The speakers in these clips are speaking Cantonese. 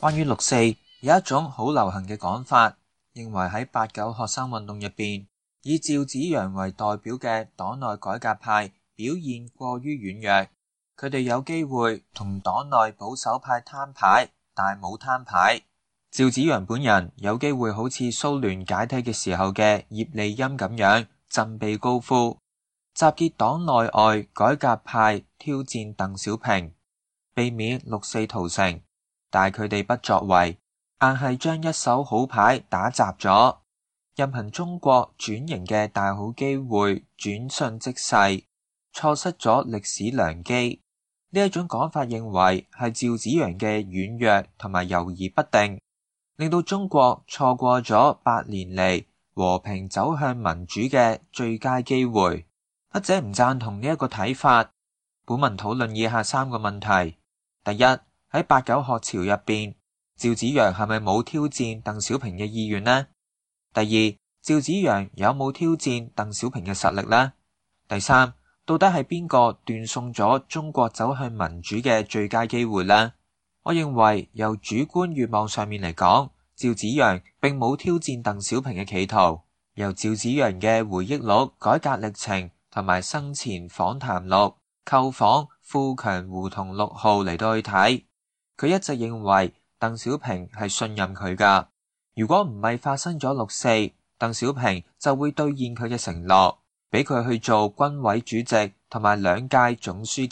關於六四，有一種好流行嘅講法，認為喺八九學生運動入邊，以趙紫陽為代表嘅黨內改革派表現過於軟弱，佢哋有機會同黨內保守派攤牌，但冇攤牌。趙紫陽本人有機會好似蘇聯解體嘅時候嘅葉利欽咁樣，振臂高呼，集結黨內外改革派挑戰鄧小平，避免六四屠城。但佢哋不作為，硬係將一手好牌打砸咗，任憑中國轉型嘅大好機會轉瞬即逝，錯失咗歷史良機。呢一種講法認為係趙紫陽嘅軟弱同埋猶豫不定，令到中國錯過咗八年嚟和平走向民主嘅最佳機會。筆者唔贊同呢一個睇法。本文討論以下三個問題：第一。喺八九學潮入邊，趙紫陽係咪冇挑戰鄧小平嘅意願呢？第二，趙紫陽有冇挑戰鄧小平嘅實力呢？第三，到底係邊個斷送咗中國走向民主嘅最佳機會呢？我認為由主觀願望上面嚟講，趙紫陽並冇挑戰鄧小平嘅企圖。由趙紫陽嘅回憶錄、改革歷程同埋生前訪談錄《購房富強胡同六號》嚟到去睇。佢一直認為鄧小平係信任佢噶。如果唔係發生咗六四，鄧小平就會兌現佢嘅承諾，俾佢去做軍委主席同埋兩屆總書記。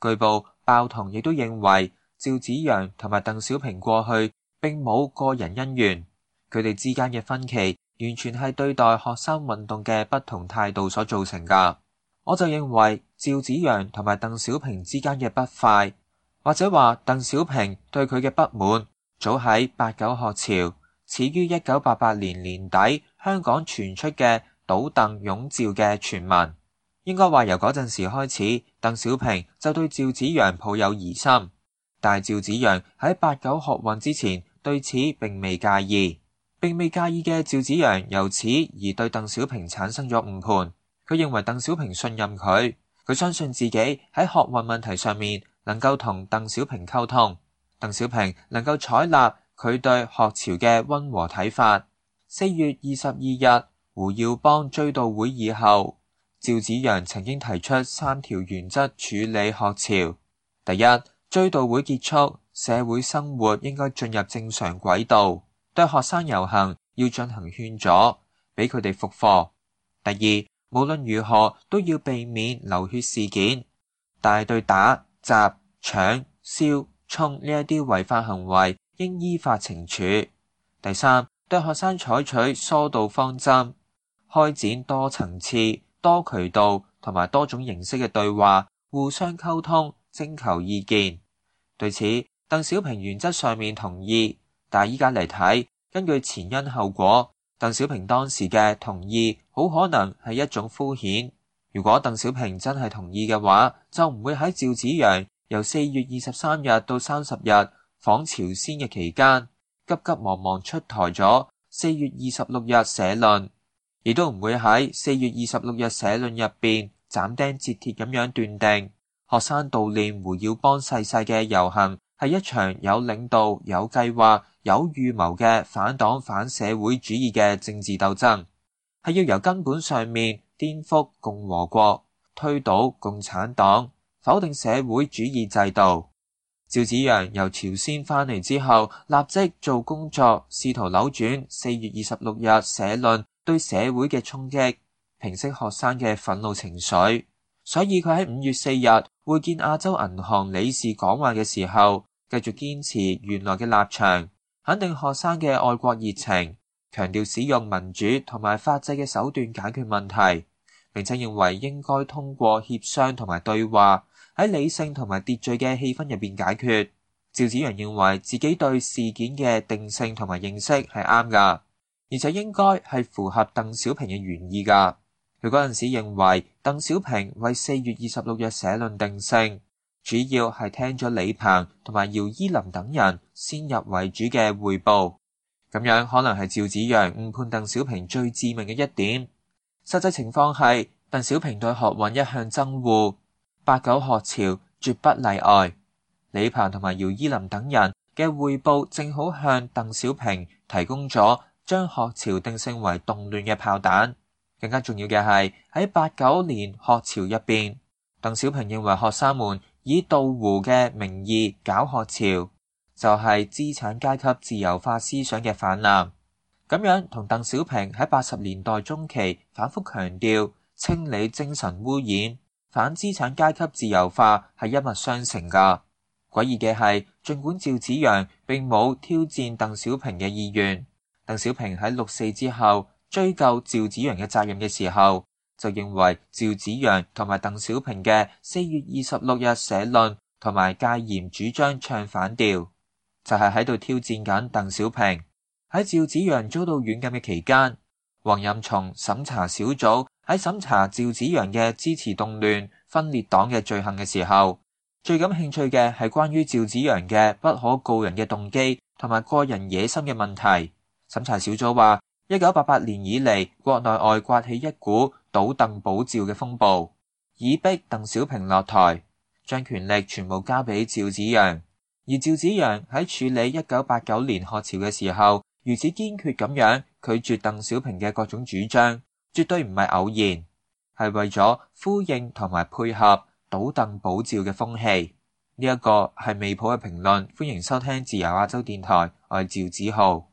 據報，鮑彤亦都認為趙紫陽同埋鄧小平過去並冇個人恩怨，佢哋之間嘅分歧完全係對待學生運動嘅不同態度所造成噶。我就認為趙紫陽同埋鄧小平之間嘅不快。或者話鄧小平對佢嘅不滿，早喺八九學潮，始於一九八八年年底香港傳出嘅倒鄧擁趙」嘅傳聞。應該話由嗰陣時開始，鄧小平就對趙紫陽抱有疑心。但係趙紫陽喺八九學運之前對此並未介意，並未介意嘅趙紫陽，由此而對鄧小平產生咗誤判。佢認為鄧小平信任佢，佢相信自己喺學運問題上面。能夠同鄧小平溝通，鄧小平能夠採納佢對學潮嘅温和睇法。四月二十二日胡耀邦追悼會以後，趙紫陽曾經提出三條原則處理學潮：第一，追悼會結束，社會生活應該進入正常軌道，對學生遊行要進行勸阻，俾佢哋復課；第二，無論如何都要避免流血事件，大對打。砸、搶、燒、衝呢一啲違法行為應依法懲處。第三，對學生採取疏導方針，開展多層次、多渠道同埋多種形式嘅對話，互相溝通，徵求意見。對此，鄧小平原則上面同意，但係依家嚟睇，根據前因後果，鄧小平當時嘅同意好可能係一種敷衍。如果鄧小平真係同意嘅話，就唔會喺趙紫陽由四月二十三日到三十日訪朝鮮嘅期間，急急忙忙出台咗四月二十六日社論，亦都唔會喺四月二十六日社論入邊斬釘截鐵咁樣斷定學生悼念胡耀邦逝世嘅遊行係一場有領導、有計劃、有預謀嘅反黨反社會主義嘅政治鬥爭。係要由根本上面顛覆共和國，推倒共產黨，否定社會主義制度。趙紫陽由朝鮮返嚟之後，立即做工作，試圖扭轉四月二十六日社論對社會嘅衝擊，平息學生嘅憤怒情緒。所以佢喺五月四日會見亞洲銀行理事講話嘅時候，繼續堅持原來嘅立場，肯定學生嘅愛國熱情。強調使用民主同埋法制嘅手段解決問題，明確認為應該通過協商同埋對話喺理性同埋秩序嘅氣氛入邊解決。趙紫陽認為自己對事件嘅定性同埋認識係啱噶，而且應該係符合鄧小平嘅原意噶。佢嗰陣時認為鄧小平為四月二十六日社論定性，主要係聽咗李鵬同埋姚依林等人先入為主嘅匯報。咁樣可能係趙紫陽誤判鄧小平最致命嘅一點。實際情況係，鄧小平對學運一向憎惡，八九學潮絕不例外。李鵬同埋姚依林等人嘅彙報，正好向鄧小平提供咗將學潮定性為動亂嘅炮彈。更加重要嘅係，喺八九年學潮入邊，鄧小平認為學生們以倒胡嘅名義搞學潮。就係資產階級自由化思想嘅泛濫，咁樣同鄧小平喺八十年代中期反覆強調清理精神污染，反資產階級自由化係一脈相承噶。詭異嘅係，盡管趙紫陽並冇挑戰鄧小平嘅意願，鄧小平喺六四之後追究趙紫陽嘅責任嘅時候，就認為趙紫陽同埋鄧小平嘅四月二十六日社論同埋戒嚴主張唱反調就係喺度挑戰緊鄧小平。喺趙紫陽遭到軟禁嘅期間，王任重審查小組喺審查趙紫陽嘅支持動亂分裂黨嘅罪行嘅時候，最感興趣嘅係關於趙紫陽嘅不可告人嘅動機同埋個人野心嘅問題。審查小組話：一九八八年以嚟，國內外颳起一股倒鄧保趙嘅風暴，以逼鄧小平落台，將權力全部交俾趙紫陽。而趙紫陽喺處理一九八九年學潮嘅時候，如此堅決咁樣拒絕鄧小平嘅各種主張，絕對唔係偶然，係為咗呼應同埋配合倒鄧保趙嘅風氣。呢一個係未普嘅評論，歡迎收聽自由亞洲電台，我係趙子豪。